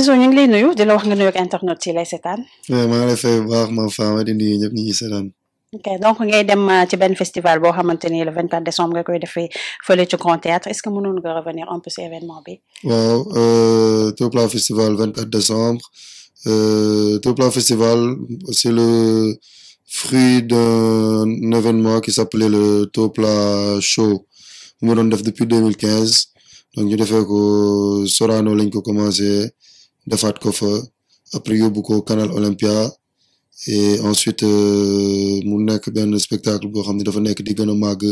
Elzo ñu ngi lay nuyu di la wax nga nuyoog internet yi lay seetaan. waaw ngi lay fay bu baax ma Fama di nuyu ñëpp ñu ngi seetaan. ok donc ngay dem euh, ci benn festival boo xamante ni le 24 décembre nga koy defee fële ci Grand Théâtre est-ce que mënoon nga revenir un peu si événement bi. waaw euh, Topla festival 24 décembre euh, Topla festival c'est le fruit d'un événement qui s'appelait le Topla show mu doon def depuis 2015 donc ñu defee ko Sorano lañ ko commencé d'afat ko fa après au ko Canal Olympia et ensuite euh, mu nek ben spectacle bo xamni dafa nek di gëna mag màgg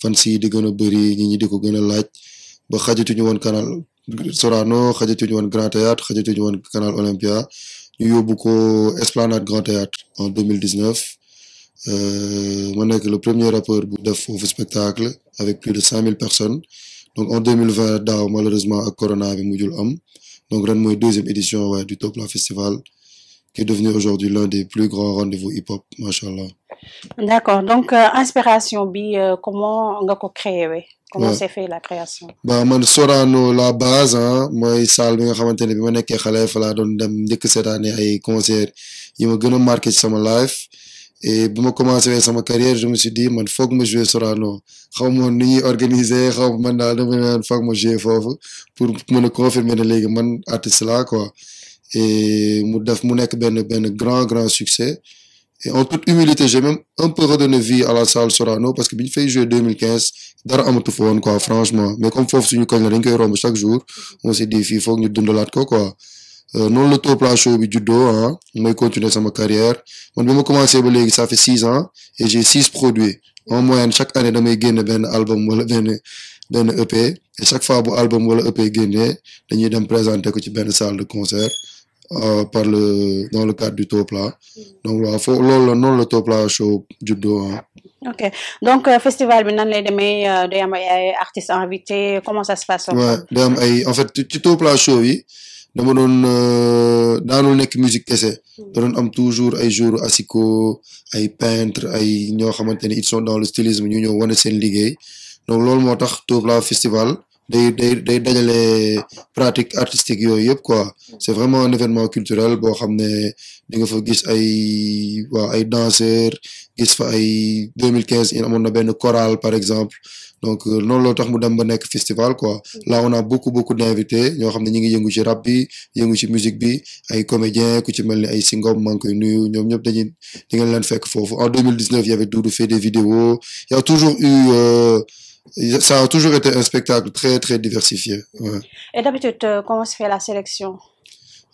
fan si di gëna bëri ñi ñi di ko gëna laaj ba ñu won Canal Sorano ñu won Grand Théâtre ñu won Canal Olympia ñu yóbbu ko Esplanade Grand Théâtre en 2019 euh, ma nekk le premier rappeur bu def spectacle avec plus de 5000 personnes donc en 2020 daaw malheureusement ak corona bi mujjul am donc suis mooy deuxième édition du Top Festival qui est devenu aujourd'hui l'un des plus grands rendez-vous hip-hop d'accord donc euh, inspiration bi euh, comment on a créé comment s'est fait la création. Je bah, suis Sorano la base ah mooy salle bi nga xamante ne bi ma nekkee xale fa laa dem ay concert yi ma vie et commencer ma commencé carrière je me suis dit man que ma joue Sorano xaw ma nu ñuy organiser xaw man daal dama faut que ma jouer pour me confirmer les gars. man artiste là quoi et je def mon nekk ben ben grand grand succès et en toute humilité j'ai même un peu redonné vie à la salle Sorano parce que bi ñu fay jouer 2015 dara amatu fa quoi franchement mais comme que suñu koñ la dañ koy chaque jour on s'est dit que nous ñu de l'art, quoi euh, non le la Topla Show judo mais ah may continuer ma carrière On vient ma commencé ba ça fait six ans et j'ai 6 produits en moyenne chaque année je gagner un album ben EP et chaque fois que album ou EP génnee dañuy dem présenter ko ci salle de concert euh, par le dans le cadre du top là. donc là faut que la noonu la Topla Show judo ah. ok donc euh, festival bi nan lay démé artistes invités comment ça se passe. Ouais, en fait top Topla Show dama doon euh, daanul nekk musique kese hmm. da am toujours ay jour asiko ay peintre ay ñoo xamante ne ils sont dans le stylisme ñu ñëw wane seen liggéey donc loolu moo tax Tobla festival day day day dajale pratique artistique yooyu yëpp quoi c'est vraiment un événement culturel boo xam ne di nga fa gis ay waaw ay danseurs gis fa ay 2015 in amoon na benn chorale par exemple donc noonu euh, loo tax mu dem ba nekk festival quoi là on a beaucoup beaucoup d'invités ñoo xam ne ñi ngi yëngu ci rap bi yëngu ci musique bi ay comédiens ku ci mel ni ay singom maa ngi koy nuyu ñoom ñëpp dañuy di ngeen leen fekk foofu en 2019 il y avait Doudou fait des vidéos il y a toujours eu euh, ça a toujours été un spectacle très, très diversifié. Et d'habitude, euh, comment se fait la sélection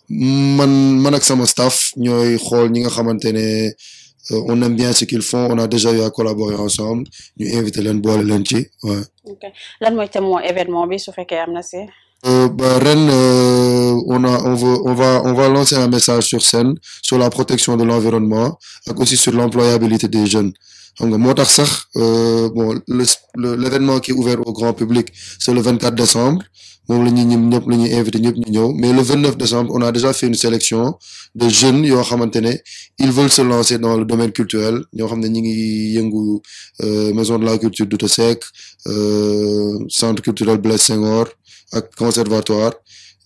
man, man avec mon staff, nous euh, on aime bien ce qu'ils font, on a déjà eu à collaborer ensemble, nous invitons les boire les lunchs. Ok. Là, moi, mon événement, que Amnesty. Euh, bah, euh, on, on, va, on va lancer un message sur scène sur la protection de l'environnement, aussi sur l'employabilité des jeunes. Euh, bon l'événement qui est ouvert au grand public c'est le 24 décembre mais le 29 décembre on a déjà fait une sélection de jeunes ils veulent se lancer dans le domaine culturel Nous avons euh, maison de la culture de euh, centre culturel Blaise Senghor conservatoire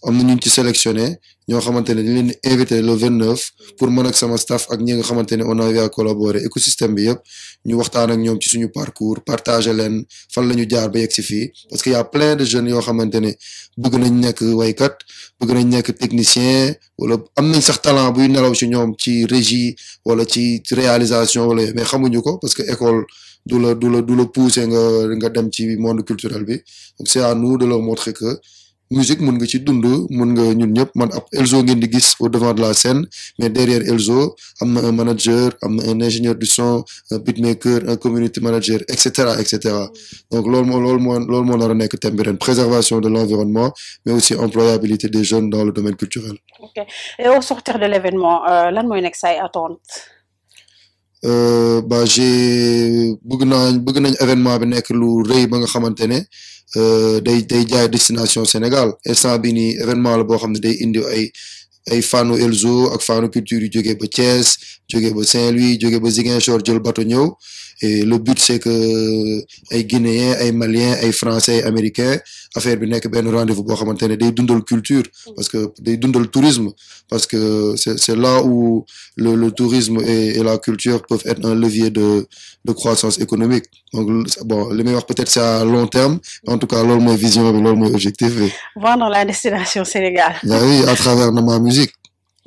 am na ñu ci sélectionner ñoo xamantene ne dañ leen invité le 29 pour man ak sama staff ak ñi nga xamantene on avait à collaborer écosystème bi yëpp ñu waxtaan ak ñoom ci suñu parcours partager leen fan lañu jaar ba yegg si fii parce que y a plein de jeunes yoo xamantene bëgg nañ nekk waykat bëgg nañ nekk technicien wala am nañ sax talent buy nelaw ci ñoom ci régie wala ci réalisation wala mais xamuñu ko parce que école du la du la du la pousser nga nga dem ci monde culturel bi donc c'est à nous de leur montrer que musique mun nga ci dund mun nga ñun ñëpp Elzo ngeen au devant de la scène mais derrière Elzo am un manager un ingénieur du son un beatmaker un community manager etc. etc. donc l'homme, moo l'homme moo moo préservation de l'environnement mais aussi employabilité des jeunes dans le domaine culturel. ok et au sortir de l'événement euh, lan mooy nekk say attente Euh, ba j'ai bëgg naa bëgg nañ événement bi nekk lu rëy ba nga xamante ne euh, day day jaay destination Sénégal instant bi nii événement la boo xam ne day indi ay ay fano Elzo ak fanu culture yu jógee ba Thiès jogé ba Saint-Louis jogé ba Ziguinchor jël ñew et le but c'est que ay Guinéens ay Maliens ay Français ay Américains affaire bi nek ben rendez-vous bo xamante day dundal culture parce que day dundal tourisme parce que c'est là où le tourisme et, la culture peuvent être un levier de croissance économique Le bon peut-être c'est à long terme en tout cas l'homme vision bi objectif et vendre la destination Sénégal. Ah oui à travers ma musique.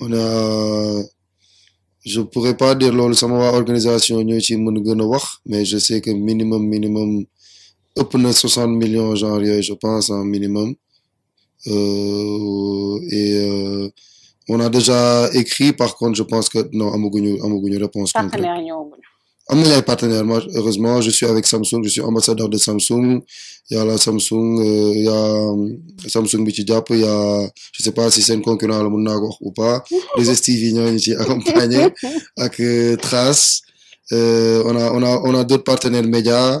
on a je pourrais pas dire l'organisation, organisation mais je sais que minimum minimum ëpp 60 millions genre je pense un hein, minimum euh, et euh, on a déjà écrit par contre je pense que non amaguñu amaguñu réponse concrète ah, on est les partenaires moi heureusement je suis avec Samsung je suis ambassadeur de Samsung Il y a la Samsung euh, Il y a euh, Samsung bi il Il y a je sais pas si un concurrent la dans ou pas les Estivignons yi accompagnés Avec euh, Trace. Trace on a on a on a d'autres partenaires médias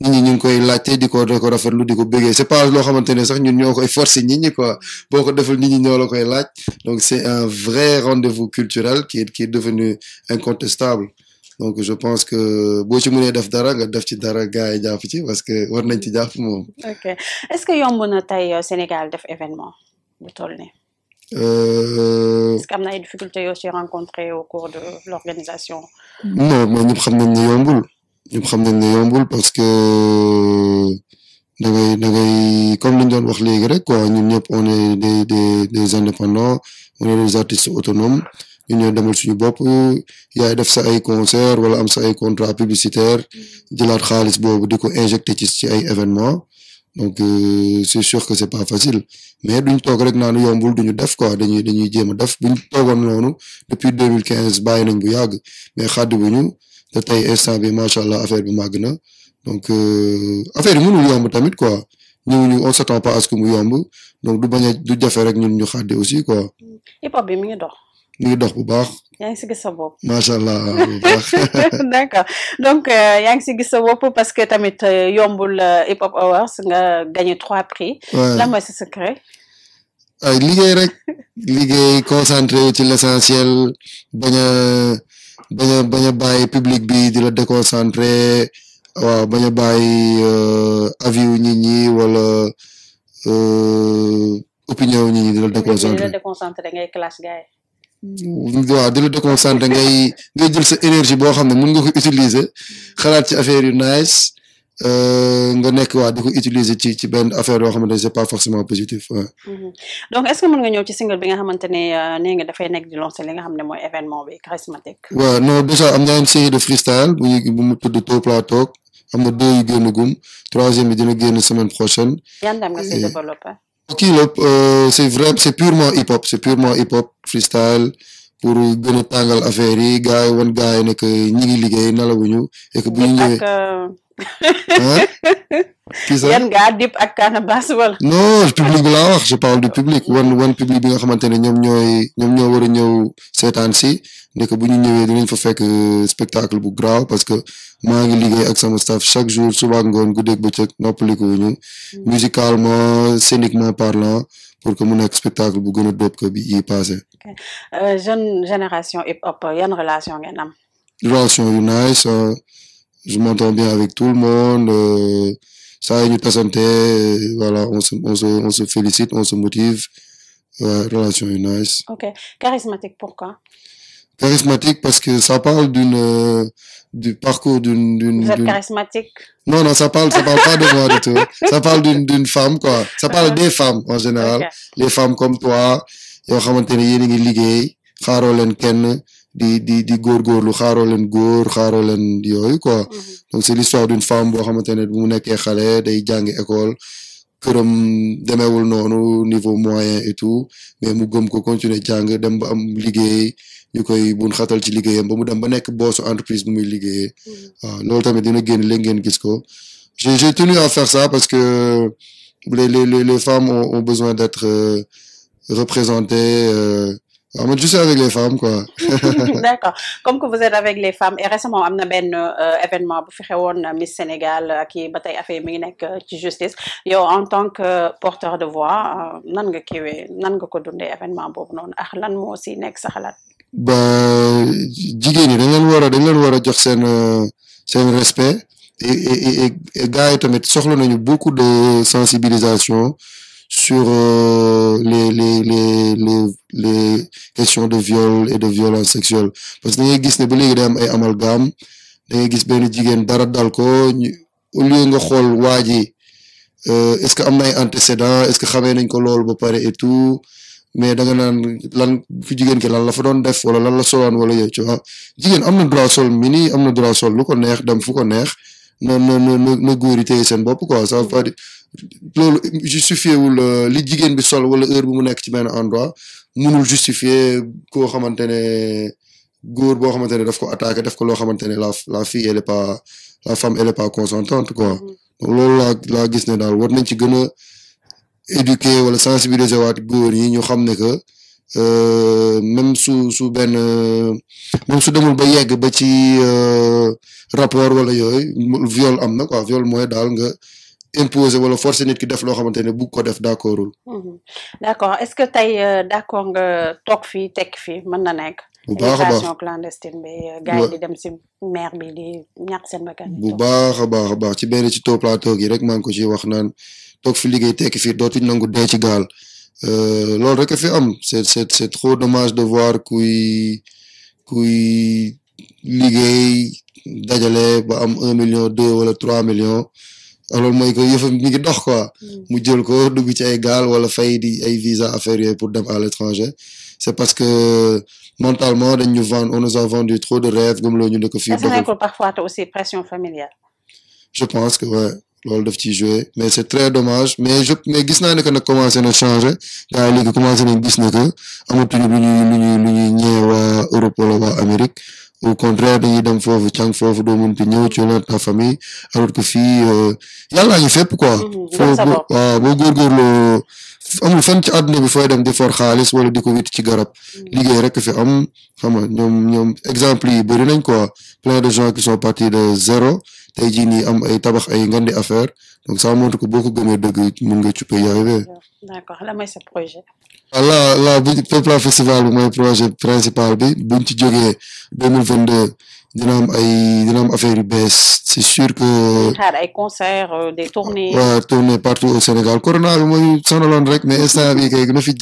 nit ñi ñu ngi koy laajte di lu diko ko c'est pas loo xamante ne sax ñun ñoo koy forcer nit quoi boo ko defal nit ñi ñoo la koy laaj donc c'est un vrai rendez-vous culturel qui est qui est devenu incontestable donc je pense que boo ci mënee def dara nga def ci dara gars yi ci parce que war nañ ci jàpp moom. ok est-ce que yomb na tey euh, Sénégal def événement bu toll nii. Euh, est-ce qu'il y a des difficultés aussi rencontrées au cours de l'organisation Non, mais nous savons que ñu xam nañ ne yombul parce que da ngay da ngay comme li ñu doon wax léegi rek quoi ñun ñëpp on est des des des indépendants on est des artistes autonomes ñu ñooy demal suñu bopp yaay def sa ay concert wala am sa ay contrat publicitaire jëlaat xaalis boobu di ko injecté ci ci ay événements donc euh, c'est sûr que c'est pas facile mais duñ toog rek naanu yombul duñu def quoi dañuy dañuy jéem a def buñ toogoon noonu depuis 2015 bàyyi nañ bu yàgg mais xaddi ñu c'est un instant bi affaire bi magna donc euh, affaire bi yomb tamit quoi ñu on s'attend pas à ce que mu yomb donc du baña du jafé rek ñun ñu aussi quoi. hip hop bi mi ngi dox. mi ngi dox bu baax. yaa donc yaa ngi ci gis parce que tamit euh, yombul euh, hip hop awards nga gagné 3 prix. là moi c'est secret. ay liggéey rek liggéey concentré ci l'essentiel. bañ a bañ a public bi dila la déconcentré waaw bañ a bàyyi euh, avis yu nit ñi wala euh, opinion yu nit ñi di la déconcentré. di la ngay classe gars yi. Mm. waaw déconcentré ngay ngay jël sa énergie boo xam ne mun nga ko utiliser xalaat ci affaire yu nice Euh, nga nekk waa di ko utiliser ci ci benn affaire yoo xamante ne c'est pas forcément positif mm-hmm. donc est-ce que mën nga ñëw ci single bi nga xamante ne euh, nee nga dafay nekk di lancer li nga xam ne mooy événement bi charismatique. waaw non a am na une de freestyle bu bu mu tudd am na deux yu génn troisième bi dina semaine prochaine. yan daam nga si développé. Euh, c'est purement hip hop c'est purement hip hop freestyle. pour gëna tangal affaire yi gaay won gaay nek ñi ngi liggéey nalawuñu et que bu ñëwé ak euh, publik non public la je parle du public won public si bu ñu ñëwé dinañ euh, spectacle bu graw parce ma ngi staff chaque jour hmm. musicalement scéniquement pour que un spectacle bu gën pas dóob ko passé. Euh, jeune génération hip hop une relation a Une relation est nice euh, je m'entends bien avec tout le monde ça a une tasante voilà on se on se on se félicite on se motive relation est nice. ok charismatique pourquoi. Charismatique parce que ça parle d'une euh, du parcours d'une d'une charismatique. Non non, ça parle ça parle pas de moi du tout. Ça parle d'une d'une femme quoi. Ça parle ah. des femmes en général, les femmes comme toi yo xamante ne ngi liggéey xaro len kenn di di di lu xaro len gor xaro len yoy quoi. Mhm. donc c'est l'histoire d'une femme bo xamante bu mu nekkee xalé day jàng école. këram demeewul noonu niveau moyen et tout mais mu gëm ko continuer jàng dem ba am ñu koy bun xatal ci liggéeyam ba mu dem ba nekk boosu entreprise bu muy liggéeyee mm. waaw loolu tamit dina génn léegi ngeen gis ko j'ai j'ai tenu à faire ça parce que les les les femmes ont, ont besoin d'être euh, représentées euh, waaw man je suis avec les femmes quoi. d'accord comme que vous êtes avec les femmes et récemment am na benn euh, événement bu fi xewoon Miss Sénégal euh, kii ba tey affaire mi ngi nekk euh, ci justice Yo, en tant que porteur de voix nan nga kiiwee nan nga ko dundee événement boobu noonu ak lan moo si nekk sa xalaat ba jigéen ñi dañ leen war a dañ leen war a jox seen euh, seen respect et et et, et gars yi tamit soxla nañu beaucoup de sensibilisation sur euh, les les les les questions de viol et de violence sexuelle parce que da ngay gis ne ba léegi day am ay amalgame da ngay gis benn jigéen dara dal ko au lieu nga xool waa ji euh, est-ce que am na ay est-ce que xamee nañ ko loolu ba pare et tout. mais danga nga lan fi jigéen ki lan la fa doon def wala lan la solaan wala yooyu tu vois jigéen am na droit sol mini am na droit sol lu ko neex dem fu ko neex na na na na góor yi téye seen bopp quoi ça veut pas dire wul euh, li jigéen bi sol wala heure bu mu nekk ci benn endroit munul justifier koo xamante ne góor boo xamante ne daf ko attaqué def ko loo xamante ne la la fille elle est pas la femme elle consentante quoi mm-hmm. donc loolu laa gis ne daal war nañ ci gën éduquer wala sensibiliser waat góor ñi ñu xam ne que euh, même su su benn même su demul ba yegg ba ci euh, rapport wala yooyu viol am na quoi viol mooy daal nga imposer wala forcer nit def loo xamante ne bug ko def d'accordul. Mm-hmm. d'accord est-ce que tey euh, d'accord nga toog fii tekk fii mën na nekk. bu baax a baax bu baax a baax a baax ci benn ci toog plateau gi rek maa ngi ko ci wax naan toog fi liggéey tekki fii dootuñ nangu dee ci gaal euh, loolu rek a fi am c'est c'est c'est trop dommage de voir kuy kuy liggéey dajale ba am un million deux wala trois millions alors mooy que yëfam mi ngi dox quoi mm. mu jël ko dugg ci ay gaal wala fay di ay visa affaire yooyu pour dem à l'étranger c'est parce que mentalement on nous a vendu trop de rêves comme vrai que parfois, tu que parfois aussi pression familiale. je pense que ouais lors de petits jouer mais c'est très dommage mais je mais gis ne que commencé à changer Il a commencé à à que amatuñu lu ñuy l'Union Européenne en au contraire dañuy dem foofu càng foofu doo mënti ñëw ci la ta famille alors que fii euh, yàllaa ngi fépp quoi mhm, foo waaw boo góorgóorloo amul fenn ci àdduna bi fooy dem di xaalis wala di ko witt ci garab mhm. liggéey rek fi am xam nga ñoom ñoom exemple yi bëri nañ quoi de gens qui sont partis de zéro tey jii nii am ay tabax ay ngandi affaire donc ça montre ko gëmee dëgg mën nga ci y a d'accord lan mooy sa projet. Ah, festival bi mooy projet principal bi buñ ci jógee deux mille vingt deux dina ay dina am affaire yu bees c'est sûr que. xaar ay concerts euh, des tournées. partout au Sénégal corona bi mooy sonaloon rek mais instant bi kay na fi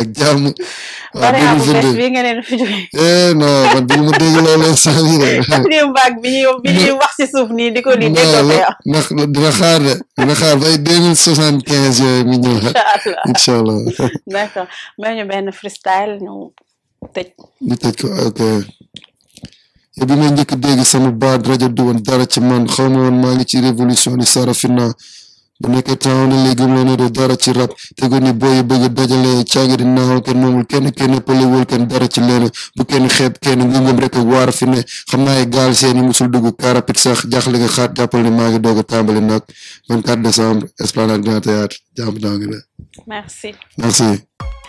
ak jàmm. waaw bi mu tudd bi nga leen fi jógee. Eh, non man bi ma dégg loolee sax bi ñuy wax ci suuf nii di ko lii déggoo ko yow. ndax xaar de dina soixante quinze yooyu mi ñëw. incha allah mais ñu benn freestyle ñu tëj. ñu tëj ko ok. yow ma njëkk dégg sama baat rajo du woon dara ci man xaw ma woon ngi ci révolution ni Sarafina. bu nekkee taxaw na léegi mu ne dara ci rab te ko ni booy bëgg dajale caagi di naawal kenn moomul kenn kenn pëlewul kenn dara ci leen bu kenn xeeb kenn ngëngëm rek waar fi ne xam naa gaal seen i musul dugg karapit sax jaaxle nga xaat jàppal ne maa ngi doog a tàmbali nag 24 décembre Esplanade Grand Théâtre jàmm naa ngi ne merci merci